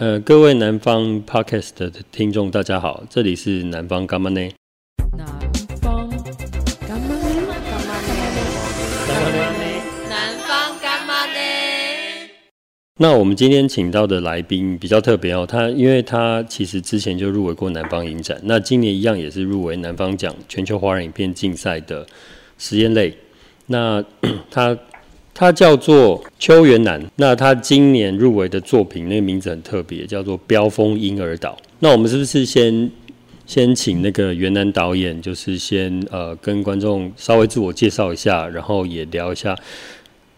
呃，各位南方 Podcast 的聽眾，大家好，這裡是南方甘啊捏。南方甘啊捏，甘啊捏甘啊捏甘啊捏甘啊捏南方甘啊捏。那我們今天請到的來賓比較特別哦，他因為他其實之前就入圍過南方影展，那今年一樣也是入圍南方獎全球華人影片競賽的實驗類，那他。他叫做邱元男，那他今年入圍的作品，那個名字很特別，叫做《飆風嬰兒島》。那我們是不是先先請那個元男導演，就是先呃跟觀眾稍微自我介紹一下，然後也聊一下《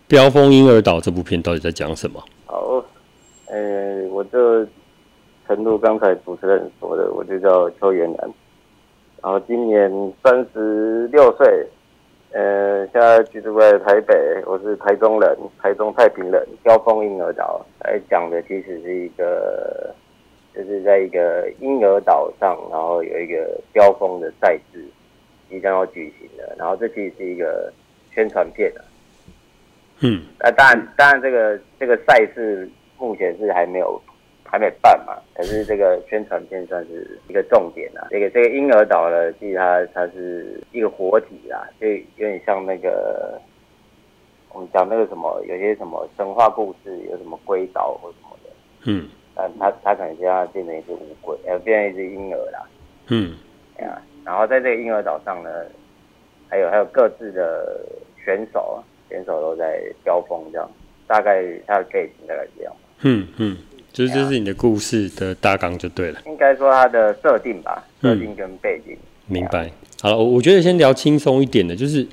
飆風嬰兒島》這部片到底在講什麼？好，呃、欸，我就承露剛才主持人說的，我就叫邱元男，然後今年三十六歲。呃，現在居住在台北，我是台中人，台中太平人，飆風嬰兒島，來講的其實是一個，就是在一個嬰兒島上，然後有一個飆風的賽事即將要舉行了，然後這其實是一個宣傳片啊。嗯，啊，當然，當然，這個，這個這個賽事目前是還沒有。還沒辦嘛？可是這個宣傳片算是一個重點啊。這個這個嬰兒島呢，其實它它是一個活體啦，就有點像那個我們講那個什麼，有些什麼神話故事，有什麼龜島或什麼的。嗯。呃，它可能就它首先變成一隻烏龜，呃，變成一隻嬰兒啦。嗯、啊。然後在這個嬰兒島上呢，還有還有各自的選手，選手都在交鋒，這樣大概它的劇情大概是這樣。嗯嗯。嗯就是，這是你的故事的大綱就對了。應該說它的設定吧，設定跟背景。嗯、明白。好了，我我覺得先聊輕鬆一點的，就是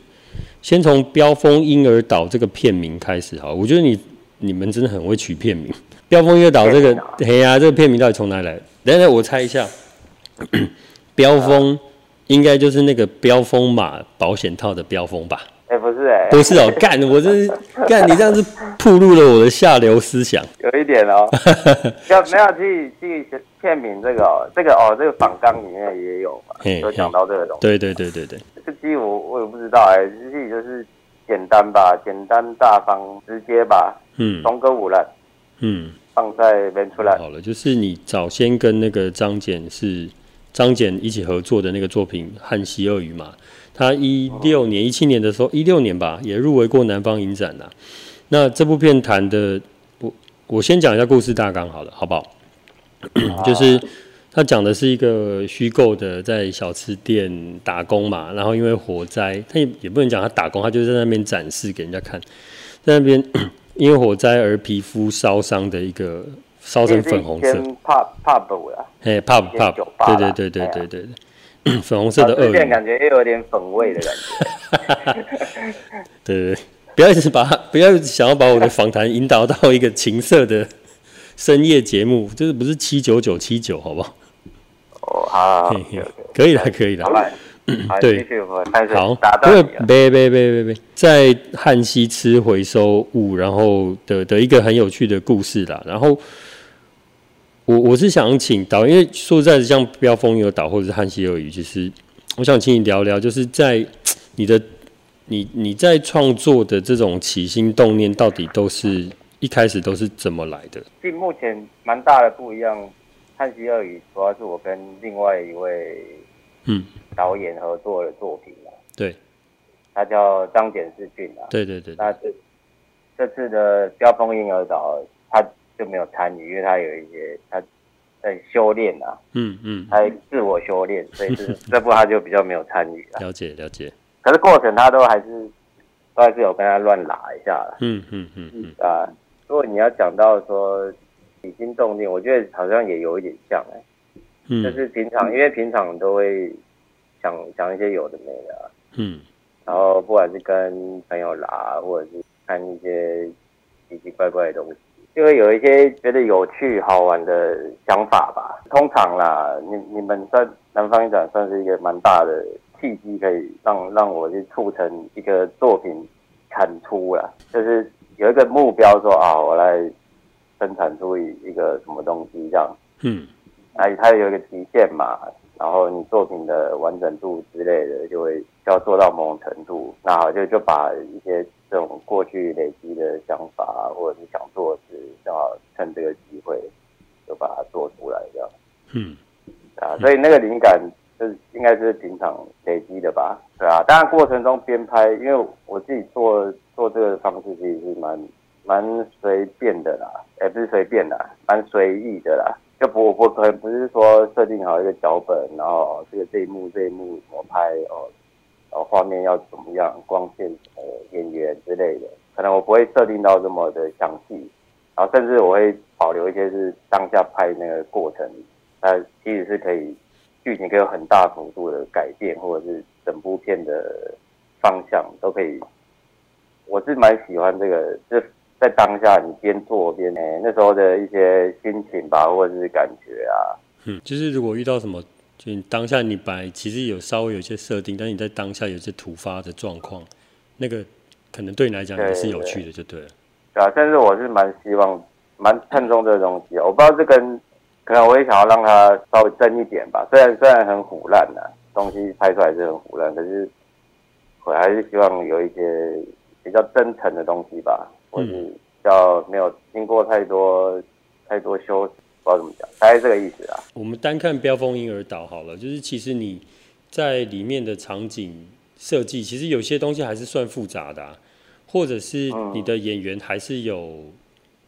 先從《飆風嬰兒島》這個片名開始哈。我覺得你你們真的很會取片名，《飆風嬰兒島》這個，嘿呀、啊，這個片名到底從哪裡來？等等，我猜一下，《飆 風》應該就是那個飆風馬保險套的飆風吧。哎、欸，不是哎、欸，不是哦，幹！我這是幹 你這樣子，暴露了我的下流思想。有一點哦、喔，要 沒有去去片名這個、喔，哦？這個哦、喔，這個榜、喔這個、綱裡面也有嗯，有嘿講到這個東西。對，對對對對對，這個機我我也不知道哎、欸，就是就是簡單吧，簡單大方，直接吧，嗯，東哥五了，嗯，放在邊出來、哦、好了。就是你早先跟那個張簡是張簡一起合作的那個作品《旱溪鱷魚》嘛。他一六年、一七年的時候，一六年吧，也入圍過南方影展啦。那這部片談的，我我先講一下故事大綱好了，好不好？啊、 就是他講的是一個虛構的，在小吃店打工嘛，然後因為火災，他也也不能講他打工，他就在那邊展示給人家看，在那邊 因為火災而皮膚燒傷的一個，燒成粉紅色。怕 Pub,、hey, Pub Pub Pub 對對對對對對,對、哎。粉紅色的鱷魚，啊，感覺又有點粉味的感覺。 對，不要一直把不要想要把我的訪談引導到一個情色的深夜節目，就是不是七九九七九，好不好？哦，好，可以了，可以了。好，了對，好。是不是打到好，不過別別別別別，在旱溪吃回收物，然後的的一個很有趣的故事啦。然後。我我是想請導演，因為說實在的，像《飆風嬰兒島》或者是、就是《旱溪鱷魚》，其實我想請你聊聊，就是在你的你你在創作的這種起心動念，到底都是一開始都是怎麼來的？跟目前蠻大的不一樣，《旱溪鱷魚》主要是我跟另外一位嗯導演合作的作品對、啊，嗯、他叫張簡世俊啊。對對對，對是。那這這次的《飆風嬰兒島》，他。就沒有參與，因為他有一些他在修煉啊，嗯嗯，嗯他自我修煉，所以 這這部他就比較沒有參與、啊、了。了解，了解，可是過程他都還是都還是有跟他亂拉一下嗯嗯嗯，是吧嗯啊。如果你要講到說起心動念，我覺得好像也有一點像哎、欸，就、嗯、是平常因為平常都會想想一些有的沒的、啊，嗯，然後不管是跟朋友拉，或者是看一些奇奇怪怪的東西。就會有一些覺得有趣好玩的想法吧。通常啦，你你們算南方影展算是一個蠻大的契機，可以讓讓我去促成一個作品產出啦。就是有一個目標說啊，我來生產出一個什麼東西這樣。嗯，那它有一個極限嘛。然後你作品的完整度之類的，就會要做到某種程度，那好就就把一些這種過去累積的想法或者是想做的事，的是正好趁這個機會就把它做出來這樣。嗯，啊，嗯、所以那個靈感就是應該是平常累積的吧？對啊，當然過程中邊拍，因為我自己做做這個方式其實是蠻蠻隨便的啦，也不是隨便啦，蠻隨意的啦。就不，不可能不是說設定好一個腳本，然後、哦、這個這一幕這一幕怎麼拍哦，然後、哦、畫面要怎麼樣，光線、呃、演員之類的，可能我不會設定到這麼的詳細，然後、啊、甚至我會保留一些是當下拍那個過程，它、啊、其實是可以，劇情可以有很大幅度的改變，或者是整部片的方向都可以。我是蠻喜歡這個這。在當下，你邊做邊哎，那時候的一些心情吧，或者是感覺啊，嗯，就是如果遇到什麼，就你當下你本來其實有稍微有一些設定，但是你在當下有些突發的狀況，那個可能對你來講也是有趣的，就對了。啊對對對，但是我是蠻希望蠻看重這個東西，我不知道這跟可能我也想要讓它稍微真一點吧。雖然雖然很唬爛的東西，拍出來是很唬爛，可是我還是希望有一些比較真誠的東西吧。嗯，要沒有經過太多太多修，不知道怎麼講，大概是這個意思啊。嗯、我們單看《飆風嬰兒島》好了，就是其實你在裡面的場景設計，其實有些東西還是算複雜的、啊，或者是你的演員還是有，嗯、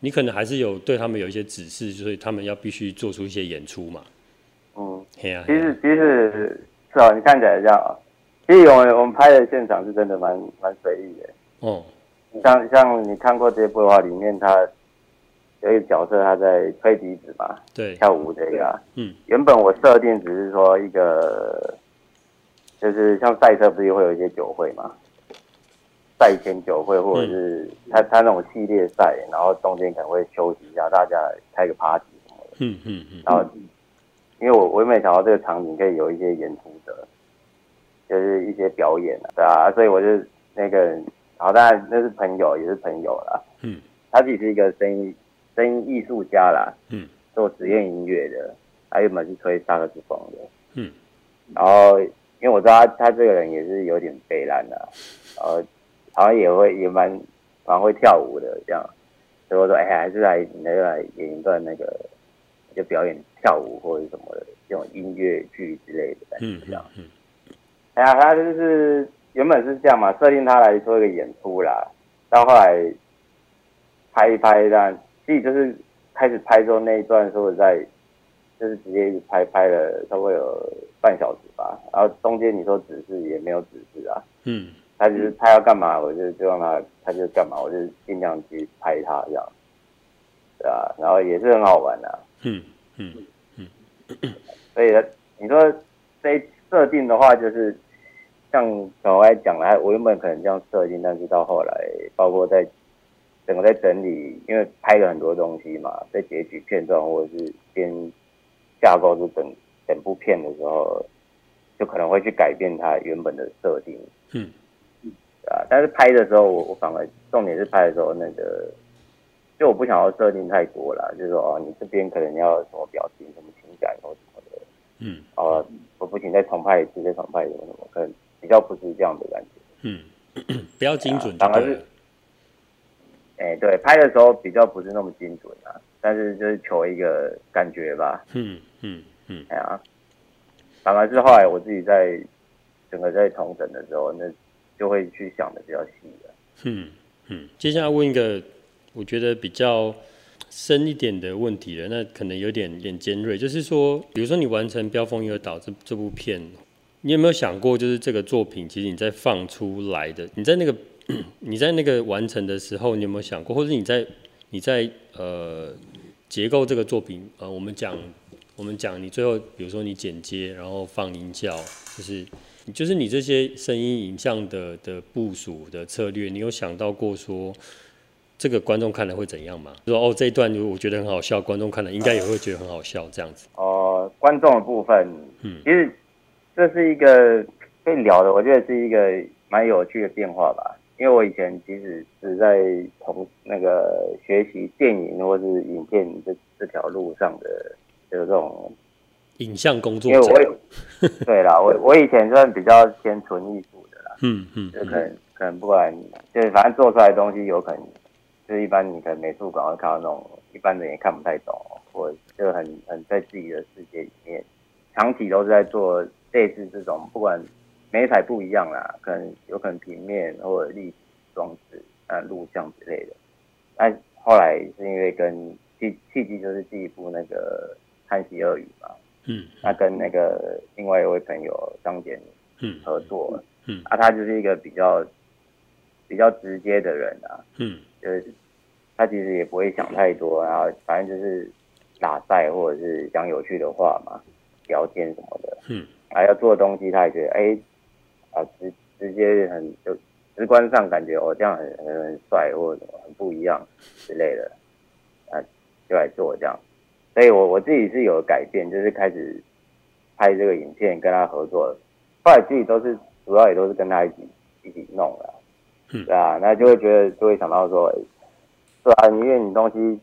你可能還是有對他們有一些指示，所以他們要必須做出一些演出嘛。嗯，對啊，嘿啊其。其實其實是啊，你看起來這樣啊。其實我們我們拍的現場是真的蠻蠻隨意的。嗯。像像你看過這部的話，裡面他有一個角色，他在吹笛子嘛，對，跳舞這個，嗯，原本我設定只是說一個，就是像賽車不是也會有一些酒會嘛，賽前酒會或者是他、嗯、他那種系列賽，然後中間可能會休息一下，大家開個 party 什麼的，嗯嗯嗯，然後、嗯、因為我我也沒想到這個場景可以有一些演出的，就是一些表演啊，對啊，所以我就那個。好，那那是朋友，也是朋友啦。嗯，他自己是一個聲音聲音藝術家啦。嗯，做實驗音樂的，他原本，是吹薩克斯風的。嗯，然後因為我知道他他這個人也是有點悲爛的，然後好像也會也蠻好像會跳舞的這樣，所以我說哎，還是來你來來演一段那個就表演跳舞或者什麼的這種音樂劇之類的嗯。這樣。嗯，嗯嗯哎呀，他就是。原本是這樣嘛，設定他來做一個演出啦，到後來拍一拍，但即就是開始拍之後那一段時候我，說在就是直接一直拍，拍了，差不多有半小時吧。然後中間你說指示也沒有指示啊，嗯，他就是拍要幹嘛，我就就讓他他就幹嘛，我就盡量去拍他這樣，對吧、啊？然後也是很好玩的、嗯，嗯嗯嗯，嗯所以你說這設定的話就是。像小歪講的，我原本可能這樣設定，但是到後來，包括在整個在整理，因為拍了很多東西嘛，在截取片段或者是編架構出整整部片的時候，就可能會去改變它原本的設定。嗯嗯啊，但是拍的時候，我我反而重點是拍的時候那個，就我不想要設定太多了，就是說哦，你這邊可能要有什麼表情、什麼情感或什麼的。嗯、啊、我不行，再重拍一次，再重拍什麼什麼，可能。比較不是這樣的感覺，嗯，比較精準、哎，反而是，哎、欸，對，拍的時候比較不是那麼精準啊，但是就是求一個感覺吧，嗯嗯嗯，嗯嗯哎呀，反而是後來我自己在整個在重整的時候，那就會去想的比較細了，嗯嗯。接下來問一個我覺得比較深一點的問題了，那可能有點點尖銳，就是說，比如說你完成標有島《飆風嬰兒島》這這部片。你有沒有想過，就是這個作品，其實你在放出來的，你在那個 你在那個完成的時候，你有沒有想過，或者你在你在呃結構這個作品啊、呃？我們講我們講你最後，比如說你剪接，然後放音效，就是就是你這些聲音、影像的的部署的策略，你有想到過說，這個觀眾看了會怎樣嗎？說哦，這一段如果我覺得很好笑，觀眾看了應該也會覺得很好笑，這樣子。哦，觀眾的部分，嗯，這是一個可以聊的，我覺得是一個蠻有趣的變化吧。因為我以前其實是在從那個學習電影或是影片這這條路上的，就是這種影像工作。因為我有 對啦，我我以前算比較偏純藝術的啦。嗯嗯，就可能可能不管，就是反正做出來的東西有可能，就是一般你可能美術館會看到那種一般人也看不太懂，我就很很在自己的世界裡面，長期都是在做。類似這種，不管媒材不一樣啦，可能有可能平面或者立體裝置啊、錄、呃、像之類的。但後來是因為跟契契機，就是第一部那個《旱溪鱷魚》嘛，嗯，那、啊、跟那個另外一位朋友張杰、嗯作嗯，嗯，合作，嗯，啊，他就是一個比較比較直接的人啊，嗯，就是他其實也不會想太多，然後反正就是打賽或者是講有趣的話嘛，聊天什麼的，嗯。還、啊、要做東西，他也覺得，哎、欸，啊，直直接很就直觀上感覺，哦，這樣很很很帥，或者很不一樣之類的，啊，就來做這樣。所以我我自己是有改變，就是開始拍這個影片跟他合作，後來自己都是主要也都是跟他一起一起弄的、啊，對啊，那就會覺得就會想到說，是、欸、啊，因為你東西。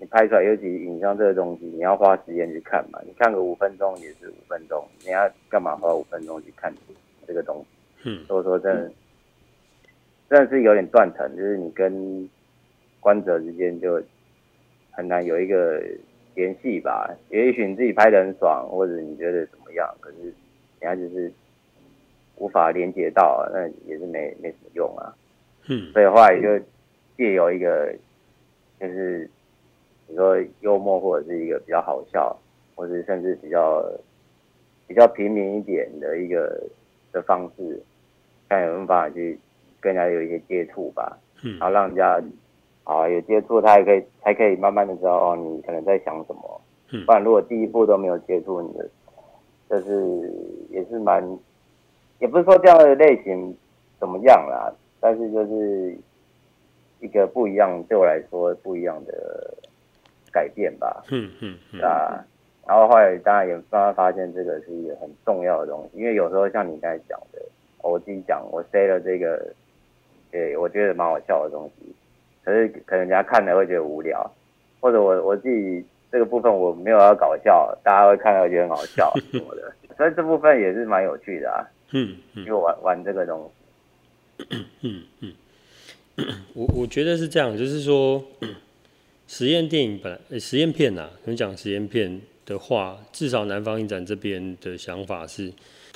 你拍出來，尤其影像這個東西，你要花時間去看嘛。你看個五分鐘也是五分鐘，你要幹嘛花五分鐘去看這個東西？嗯，所以說，說真的，真的是有點斷層，就是你跟觀者之間就很難有一個聯繫吧。也許你自己拍的很爽，或者你覺得怎麼樣，可是人家就是無法連接到啊，那也是沒沒什麼用啊。嗯，所以話也就借由一個，就是。比如說幽默或者是一個比較好笑，或者甚至比較比較平民一點的一個的方式，看有沒有辦法去跟人家有一些接觸吧。嗯，然後讓人家、嗯、啊有接觸，他也可以還可以慢慢的知道哦，你可能在想什麼。嗯，不然如果第一步都沒有接觸，你的就是也是蠻，也不是說這樣的類型怎麼樣啦，但是就是一個不一樣，對我來說不一樣的。改變吧，嗯嗯嗯、啊，然後後來大家也慢慢發現這個是一個很重要的東西，因為有時候像你剛才講的，我自己講我塞了這個，對，我覺得蠻好笑的東西，可是可能人家看了會覺得無聊，或者我我自己這個部分我沒有要搞笑，大家會看了會覺得很好笑， 什麼的，所以這部分也是蠻有趣的啊，嗯，嗯，因為玩玩這個東西，嗯嗯嗯、我我覺得是這樣，就是說。嗯實驗電影本來，欸、實驗片啊。你講實驗片的話，至少南方影展這邊的想法是，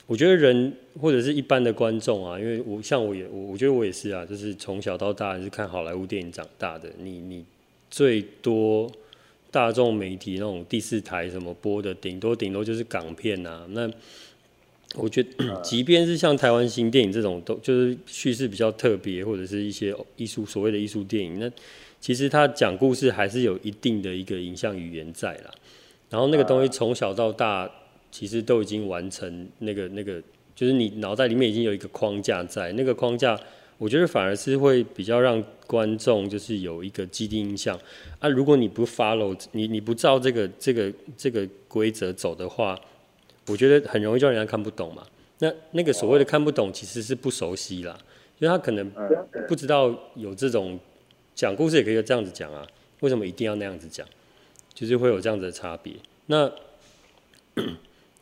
我覺得人或者是一般的觀眾啊，因為我像我也我我覺得我也是啊，就是從小到大是看好萊塢電影長大的。你你最多大眾媒體那種第四台什麼播的，頂多頂多就是港片啊。那我覺得，即便是像台灣新電影這種都，都就是敘事比較特別，或者是一些藝術所謂的藝術電影那。其實他講故事還是有一定的一個影像語言在啦，然後那個東西從小到大其實都已經完成那個那個，就是你腦袋裡面已經有一個框架在，那個框架我覺得反而是會比較讓觀眾就是有一個既定印象啊。如果你不 follow 你你不照這個這個這個規則走的話，我覺得很容易就讓人家看不懂嘛。那那個所謂的看不懂其實是不熟悉啦，因為他可能不知道有這種。講故事也可以這樣子講啊，為什麼一定要那樣子講？就是會有這樣子的差別。那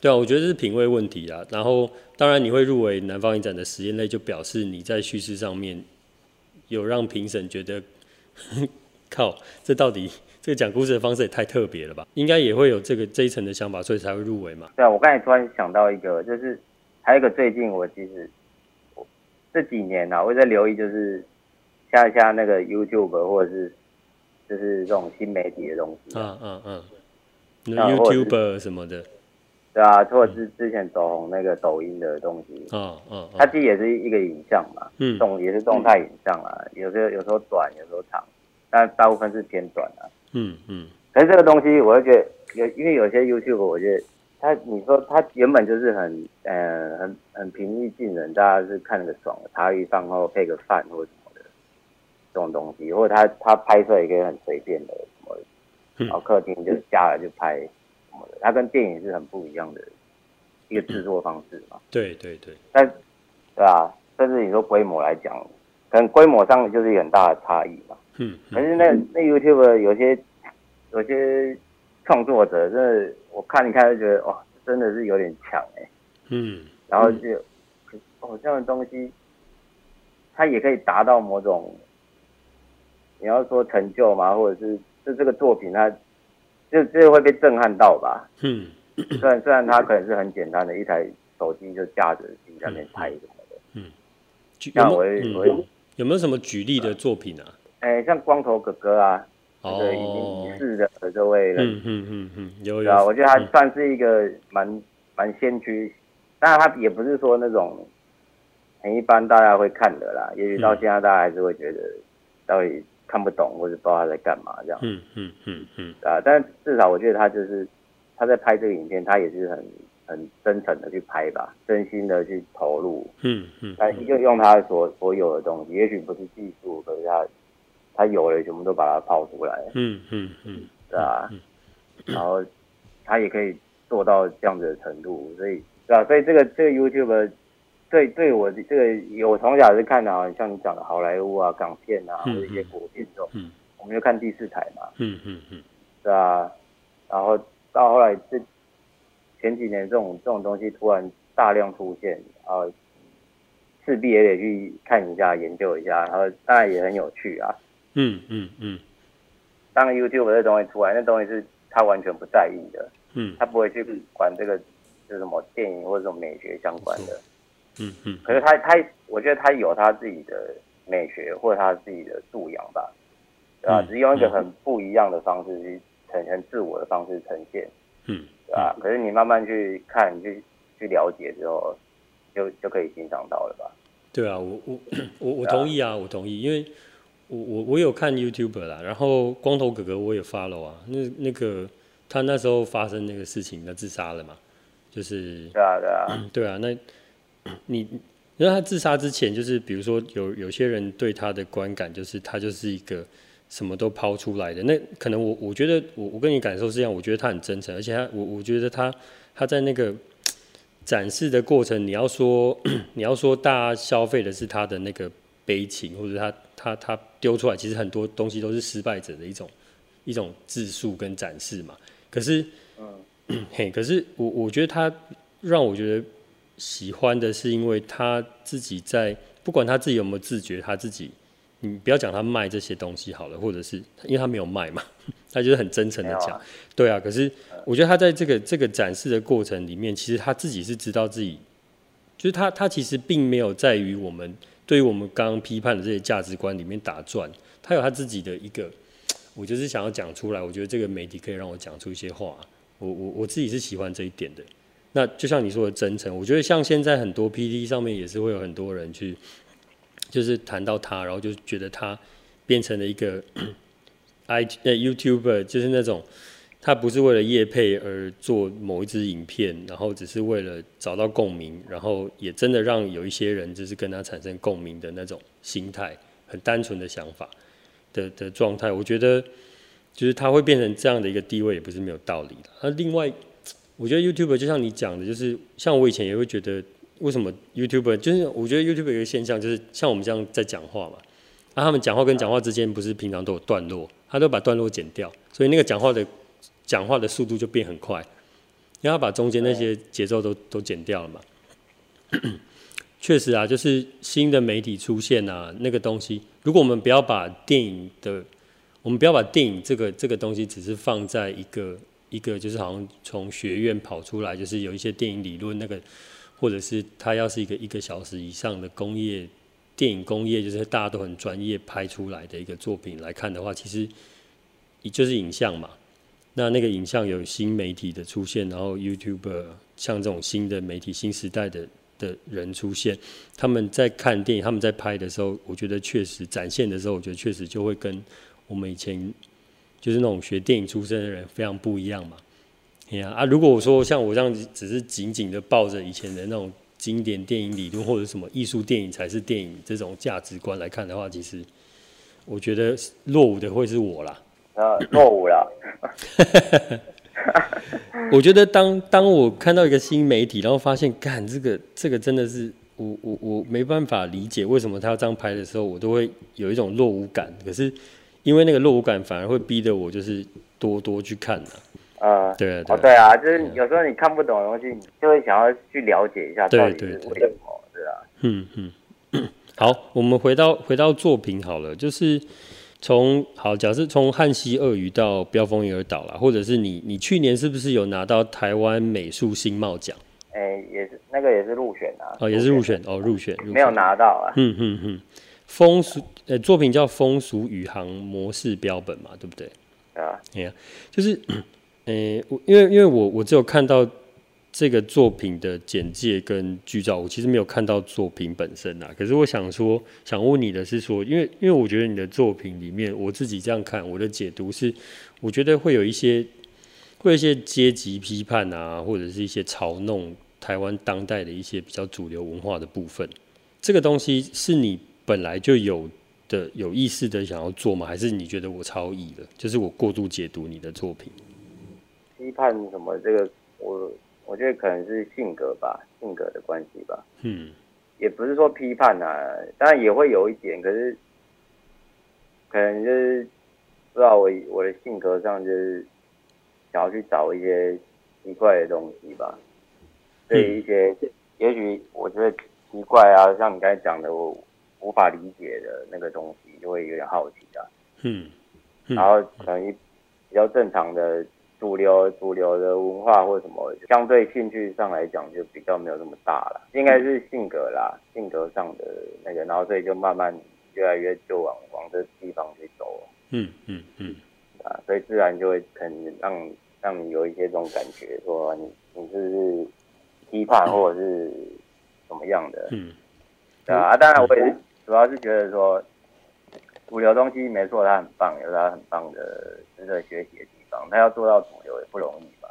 對啊，我覺得這是品味問題啊。然後當然你會入圍南方影展的實驗類，就表示你在敘事上面有讓評審覺得，呵呵，靠，這到底這個講故事的方式也太特別了吧？應該也會有這個這一層的想法，所以才會入圍嘛。對啊，我剛才突然想到一個，就是還有一個最近我其實我這幾年啊，我在留意就是。下一下那個 YouTube 或者是，就是這種新媒體的東西。嗯嗯嗯，YouTube 什麼的，對啊，或者是之前走紅那個抖音的東西。嗯嗯，它其實也是一個影像嘛，哦哦哦、動也是動態影像啦，嗯、有時候有時候短，有時候長，但大部分是偏短的，啊。嗯嗯，可是這個東西，我就覺得有，因為有些 YouTube，我覺得他，你說他原本就是很，呃，嗯很很平易近人，大家是看着爽，茶餘飯後配個飯或者。這種東西，或者他他拍攝也可以很隨便的什麼的，然後客廳就下來就拍什麼的，它跟電影是很不一樣的一個制作方式嘛。咳咳對對對，但對、啊，但對吧？甚至你說規模來講，可能規模上就是有很大的差異嘛。嗯。咳咳可是那那 YouTube 有些有些創作者，真的我看一看就覺得，哦，真的是有點強哎、欸。嗯。咳咳然後就偶像咳咳、哦、的東西，它也可以達到某種。你要說成就嗎？或者是就這個作品，它就就會被震撼到吧。嗯，雖然雖然它可能是很簡單的，一台手機就架著在那邊拍什麼的。嗯，那我我有沒有什麼舉例的作品啊？哎，像光頭哥哥啊，這是已經離世的這位人，嗯嗯嗯嗯，有有，我覺得他算是一個蠻蠻先驅，但他也不是說那種很一般大家會看的啦。也許到現在大家還是會覺得到底。看不懂或者不知道他在幹嘛，這樣嗯。嗯嗯嗯嗯啊，但至少我覺得他就是他在拍這個影片，他也是很很真誠的去拍吧，真心的去投入。嗯嗯，他、嗯、就用他所所有的東西，也許不是技術，可是他他有了，全部都把它泡出來。嗯嗯嗯，是吧？然後他也可以做到這樣子的程度，所以對吧、啊？所以這個這個 YouTube 對對，我這個有從小是看的，啊，像你講的好萊塢啊、港片啊、，或者一些國片這種，嗯，我們就看第四台嘛，嗯嗯嗯，嗯嗯是啊，然後到後來這前幾年這種這種東西突然大量出現啊，勢必也得去看一下、研究一下，然後當然也很有趣啊，嗯嗯嗯，嗯嗯當 YouTube 這東西出來，那東西是他完全不在意的，嗯，他不會去管這個就是什麼電影或者什麼美學相關的。嗯嗯嗯嗯嗯，嗯，可是他他，我覺得他有他自己的美學或者他自己的素養吧，啊，嗯、只用一個很不一樣的方式去呈現自我的方式呈現，嗯，對吧？嗯、可是你慢慢去看去去了解之後，就就可以欣賞到了吧？對啊，我我我我同意啊，吧我同意，因為我我我有看 YouTube 啦，然後光頭哥哥我也 follow 啊，那那個他那時候發生那個事情，他自殺了嘛，就是對啊對啊、嗯、對啊，那。你，因為他自殺之前，就是比如說有有些人對他的觀感，就是他就是一個什麼都拋出來的。那可能我我覺得我我跟你感受是這樣，我覺得他很真誠，而且他我我覺得他他在那個展示的過程你，你要說你要說大家消費的是他的那個悲情，或者他他他丟出來，其實很多東西都是失敗者的一種一種自述跟展示嘛。可是，嗯，嘿， 可是我我覺得他讓我覺得。喜歡的是，因為他自己在，不管他自己有沒有自覺，他自己，你不要講他賣這些東西好了，或者是因為他沒有賣嘛，他就是很真誠的講，對啊。可是我覺得他在這個這個展示的過程裡面，其實他自己是知道自己，就是他他其實並沒有在於我們對於我們剛剛批判的這些價值觀裡面打轉，他有他自己的一個，我就是想要講出來。我覺得這個媒體可以讓我講出一些話啊，我我我自己是喜歡這一點的。那就像你說的真誠，我覺得像現在很多 P D 上面也是會有很多人去，就是談到他，然後就覺得他變成了一個 I YouTuber，就是那種他不是為了業配而做某一支影片，然後只是為了找到共鳴，然後也真的讓有一些人就是跟他產生共鳴的那種心態、很單純的想法的的狀態，我覺得就是他會變成這樣的一個地位，也不是沒有道理的。那另外。我覺得 YouTuber 就像你講的，就是像我以前也會覺得，為什麼 YouTuber 就是？我覺得 YouTuber 有一個現象，就是像我們這樣在講話嘛、啊，那他們講話跟講話之間不是平常都有段落，他都把段落剪掉，所以那個講話的講話的速度就變很快，因為他把中間那些節奏都都剪掉了嘛。確實啊，就是新的媒體出現啊，那個東西，如果我們不要把電影的，我們不要把電影這個這個東西，只是放在一個。一個就是好像從學院跑出來，就是有一些電影理論那個，或者是他要是一個一個小時以上的工業電影工業，就是大家都很專業拍出來的一個作品來看的話，其實也就是影像嘛。那那個影像有新媒體的出現，然後 YouTube 像這種新的媒體新時代的的人出現，他們在看電影，他們在拍的時候，我覺得確實展現的時候，我覺得確實就會跟我們以前。就是那種學電影出身的人非常不一樣嘛，哎呀啊！啊如果我說像我這樣只是緊緊的抱着以前的那種經典電影理論或者什麼藝術電影才是電影這種價值觀來看的話，其實我覺得落伍的會是我啦。啊，落伍啦！ 我覺得當當我看到一個新媒體，然後發現，幹這個這個真的是我我我沒辦法理解為什麼他要這樣拍的時候，我都會有一種落伍感。可是。因為那個落伍感反而會逼得我就是多多去看吶。呃，對啊，哦，對啊，就是有時候你看不懂的東西，你就會想要去了解一下到底是什麼，對啊。嗯嗯，好，我們回到回到作品好了，就是從好，假設從《旱溪鱷魚》到《飆風嬰兒島》啦，或者是你你去年是不是有拿到台灣美術新貌獎？哎，也是那個也是入選啊。哦，也是入選哦，入選，沒有拿到啊。嗯嗯嗯。風俗，呃、欸，作品叫《風俗宇航模式標本》嘛，對不對？啊，對啊。就是，嗯、呃，因為因為我我只有看到這個作品的簡介跟劇照，我其實沒有看到作品本身吶。可是我想說，想問你的是說，因為因為我覺得你的作品裡面，我自己這樣看，我的解讀是，我覺得會有一些會有一些階級批判啊，或者是一些嘲弄台灣當代的一些比較主流文化的部分。這個東西是你。本來就有的有意識的想要做嗎？還是你覺得我超譯了？就是我過度解讀你的作品，批判什麼？這個我我覺得可能是性格吧，性格的關係吧。嗯，也不是說批判啊，當然也會有一點，可是可能就是不知道，我我的性格上就是想要去找一些奇怪的東西吧，對一些、嗯、也許我覺得奇怪啊，像你剛才講的我。無法理解的那個東西，就會有點好奇啦、啊嗯。嗯，然後可能一比較正常的主流主流的文化或什麼，相對興趣上來講就比較沒有那麼大了。應該是性格啦，嗯、性格上的那個，然後所以就慢慢越來越就往往這地方去走嗯嗯嗯。嗯嗯啊，所以自然就會肯讓讓你有一些這種感覺，說你你是批判或者是什麼樣的。嗯。啊，當然我也是。嗯主要是覺得說，主流東西沒錯，它很棒，有它很棒的值得、就是、學習的地方。它要做到主流也不容易吧？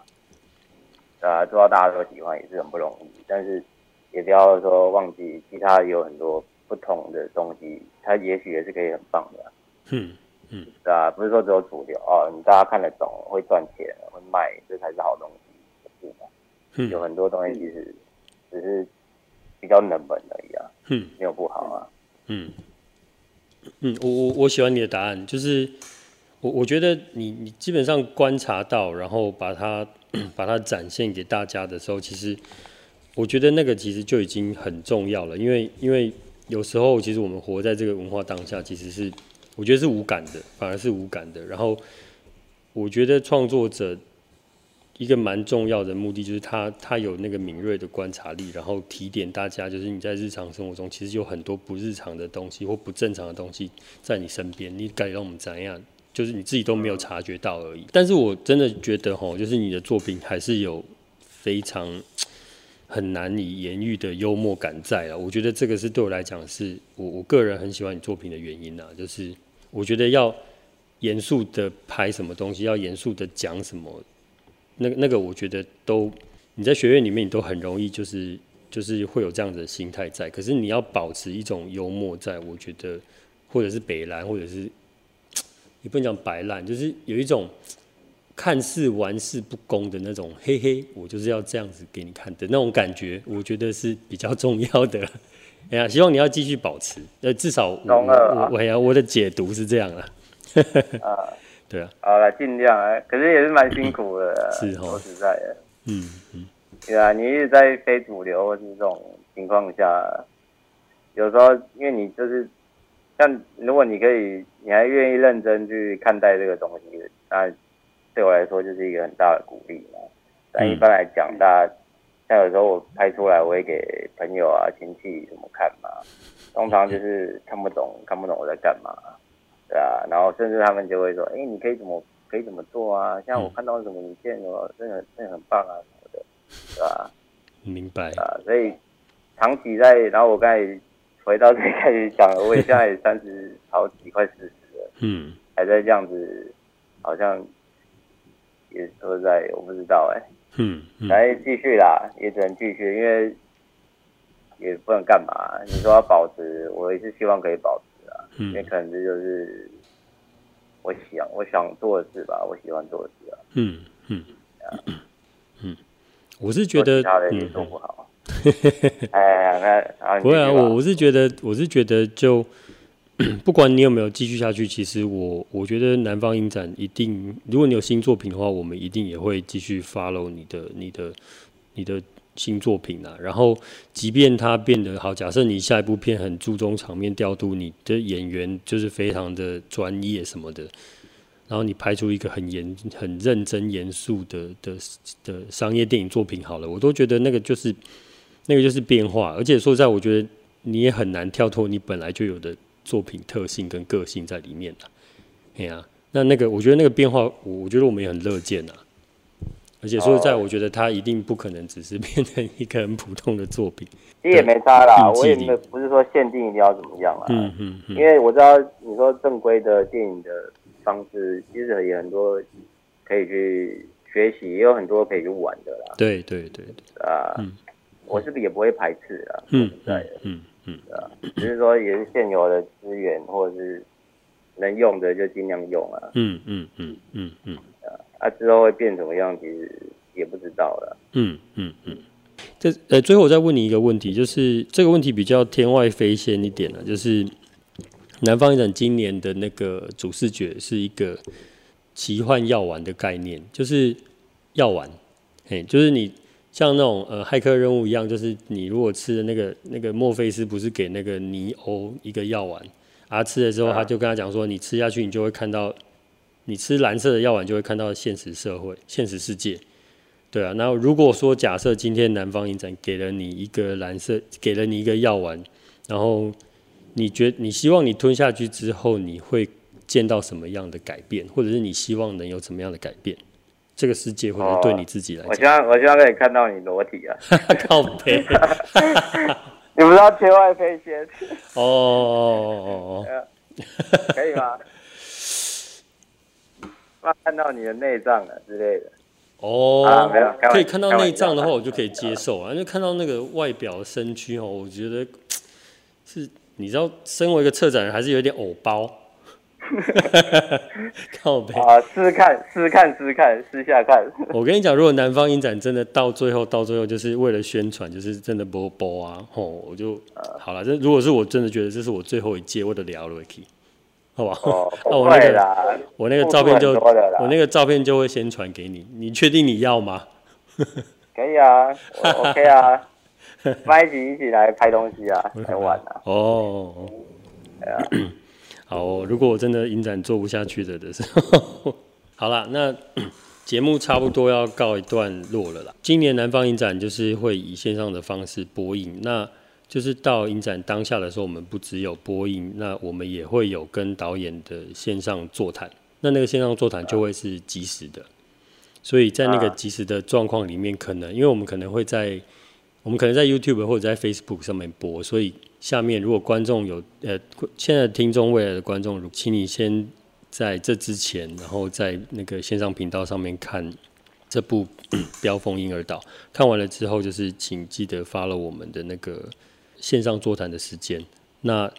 對啊，做到大家都喜歡也是很不容易。但是，也不要說忘記其他有很多不同的東西，它也許也是可以很棒的、啊。嗯嗯，對吧？不是說只有主流哦，你大家看得懂、會賺錢、會賣，這才是好東西，是嗎？有很多東西其實只是比較冷門的一樣。嗯，沒有不好啊。嗯，嗯，我我我喜歡你的答案，就是我我覺得你你基本上觀察到，然後把它 把它展現給大家的時候，其實我覺得那個其實就已經很重要了，因為因為有時候其實我們活在這個文化當下，其實是我覺得是無感的，反而是無感的。然後我覺得創作者。一個蠻重要的目的就是他，他他有那個敏銳的觀察力，然後提點大家，就是你在日常生活中其實有很多不日常的東西或不正常的東西在你身邊，你感覺到我們怎樣，就是你自己都沒有察覺到而已。但是我真的覺得吼，就是你的作品還是有非常很難以言喻的幽默感在啊。我覺得這個是對我來講，是我我個人很喜歡你作品的原因啦。就是我覺得要嚴肅的拍什麼東西，要嚴肅的講什麼。那，那個那個，我覺得都你在學院裡面，你都很容易就是就是會有這樣子的心態在。可是你要保持一種幽默在，在我覺得，或者是北藍，或者是也不能講白爛，就是有一種看似玩世不恭的那種，嘿嘿，我就是要這樣子給你看的那種感覺，我覺得是比較重要的。哎呀，希望你要繼續保持。那、呃、至少我我我，我的解讀是這樣了。 對啊，好了，盡量啊，可是也是蠻辛苦的，說、嗯、實在的，嗯嗯，嗯對啊，你一直在非主流或是這種情況下，有時候因為你就是像如果你可以，你還願意認真去看待這個東西，那對我來說就是一個很大的鼓勵嘛。但、嗯、一般來講，大家像有時候我拍出來，我會給朋友啊、親戚什麼看嘛，通常就是看不懂，Okay. 看不懂我在幹嘛。對啊，然後甚至他們就會說，哎，你可以怎麼可以怎麼做啊？像我看到了什麼你念哦，真的真的很棒啊什麼的，對吧、啊？明白啊，所以長期在，然後我剛才回到最開始講的，我也現在也三十好幾，快四十了，嗯，還在這樣子，好像也都在，我不知道哎、欸嗯，嗯，來繼續啦，也只能繼續，因為也不能幹嘛，你說要保值，我也是希望可以保值。也可能這就是我想、嗯、我，想我想做的事吧，我喜歡做的事啊。嗯嗯、啊、嗯，我是覺得， 哎，不會 啊，我我是覺得，我是覺得就，就 不管你有沒有繼續下去，其實我我覺得南方影展一定，如果你有新作品的話，我們一定也會繼續 follow 你的，你的，你的。你的新作品吶、啊，然後即便它變得好，假設你下一部片很注重場面調度，你的演員就是非常的專業什麼的，然後你拍出一個很嚴、很認真、嚴肅的的的、的商業電影作品好了，我都覺得那個就是那個就是變化，而且說實在，我覺得你也很難跳脫你本來就有的作品特性跟個性在裡面了、啊。哎呀、啊，那那個，我覺得那個變化，我我覺得我們也很樂見啊。而且說實在，我覺得它一定不可能只是變成一個很普通的作品，其實也沒差啦。我也沒不是說限定一定要怎麼樣啦。嗯嗯。因為我知道你說正規的電影的方式，其實也很多可以去學習，也有很多可以去玩的啦。對對對。啊，我是不是也不會排斥啊？嗯，對，嗯嗯啊，只是說也是現有的資源或者是能用的就儘量用啊。嗯嗯嗯嗯嗯啊。它、啊、之後會變怎麼樣，其實也不知道了嗯。嗯嗯嗯。這呃、欸，最後我再問你一個問題，就是這個問題比較天外飛仙一點了，就是南方影展今年的那個主視覺是一個奇幻藥丸的概念，就是藥丸，哎、欸，就是你像那種呃駭客任務一樣，就是你如果吃的那個那個墨菲斯不是給那個尼歐一個藥丸，啊、他吃了之後，他就跟他講說，你吃下去，你就會看到。你吃藍色的藥丸，就會看到現實社會、現實世界，對啊。那如果說假設今天南方影展給了你一個藍色，給了你一個藥丸，然後你覺得你希望你吞下去之後你會見到什麼樣的改變，或者是你希望能有怎麼樣的改變，這個世界或者對你自己來講、哦，我希望，我希望可以看到你裸體啊， 靠北 你不知道天外飛仙？哦，可以嗎？ 看到你的內臟了之類的哦，啊、可以看到內臟的話，我就可以接受啊。就看到那個外表的身軀哦，我覺得是，你知道，身為一個策展人，還是有點偶包。 靠背北啊，試看，試看，試看，試下看。 我跟你講，如果南方影展真的到最後，到最後就是為了宣傳，就是真的播播啊！吼，我就、啊、好了。這如果是我真的覺得這是我最後一屆，我的聊了好、oh, oh, 啊，那我那個我那個照片就我那個照片就會先傳給你，你確定你要嗎？ 可以啊，OK 啊， 一起一起來拍東西啊，很晚了哦。好哦，如果我真的影展做不下去了的、的時候， 好了，那節目差不多要告一段落了啦。今年南方影展就是會以線上的方式播映那。就是到影展當下的時候，我們不只有播映，那我們也會有跟導演的線上座談。那那個線上座談就會是即時的，所以在那個即時的狀況裡面，可能啊啊因為我們可能會在我們可能在 YouTube 或者在 Facebook 上面播，所以下面如果觀眾有呃，現在聽眾未來的觀眾，請你先在這之前，然後在那個線上頻道上面看這部《飆風嬰兒島》。看完了之後，就是請記得 follow 我們的那個。線上座談的時間，那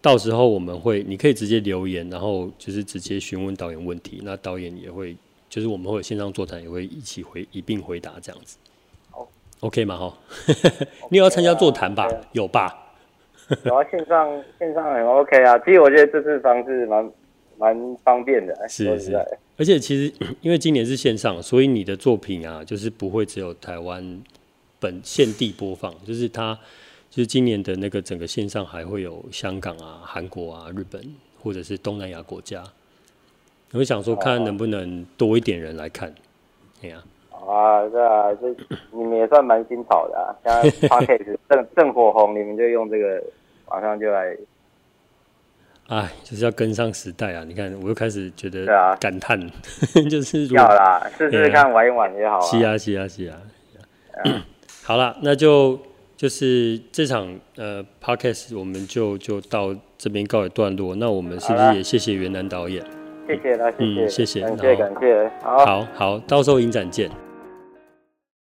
到時候我們會，你可以直接留言，然後就是直接詢問導演問題。那導演也會，就是我們會有線上座談，也會一起回一併回答這樣子。好，OK 嗎？哈、okay 啊， 你也要參加座談吧？okay 有吧？ 有啊，線上線上很 OK 啊。其實我覺得這次方式蠻蠻方便的、欸，說實在的。是是。而且其實因為今年是線上，所以你的作品啊，就是不會只有台灣本現地播放，就是它。就是今年的那個整個線上還會有香港啊、韓國啊、日本或者是東南亞國家，我想說看能不能多一點人來看，哦、對啊。 啊，是啊，這你們也算蠻新潮的、啊，現在 Podcast 正正火紅，你們就用這個，馬上就來。哎，就是要跟上時代啊！你看，我又開始覺得感嘆，啊、 就是我要啦，試試看玩一玩也好啊，是啊，是啊，是啊。啊 好了，那就。就是這場呃，Podcast 我們就就到這邊告一段落。那我們是不是也謝謝元男導演？謝謝，那謝謝了，嗯，謝謝，感謝，後感謝，感謝，好，好，好，到時候影展見。